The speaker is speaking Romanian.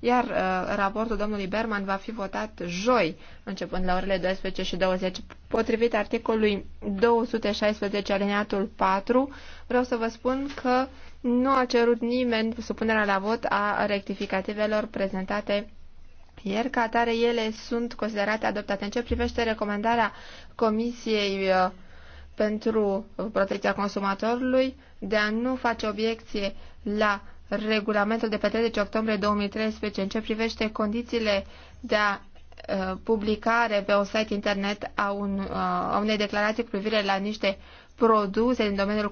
iar uh, raportul domnului Berman va fi votat joi, începând la orele 12 și 20. Potrivit articolului 216 alineatul 4, vreau să vă spun că nu a cerut nimeni supunerea la vot a rectificativelor prezentate Iar ca atare ele sunt considerate adoptate. În ce privește recomandarea Comisiei uh, pentru protecția consumatorului de a nu face obiecție la regulamentul de pe 30 octombrie 2013 în ce privește condițiile de a uh, publicare pe un site internet a, un, uh, a unei declarații cu privire la niște produse din domeniul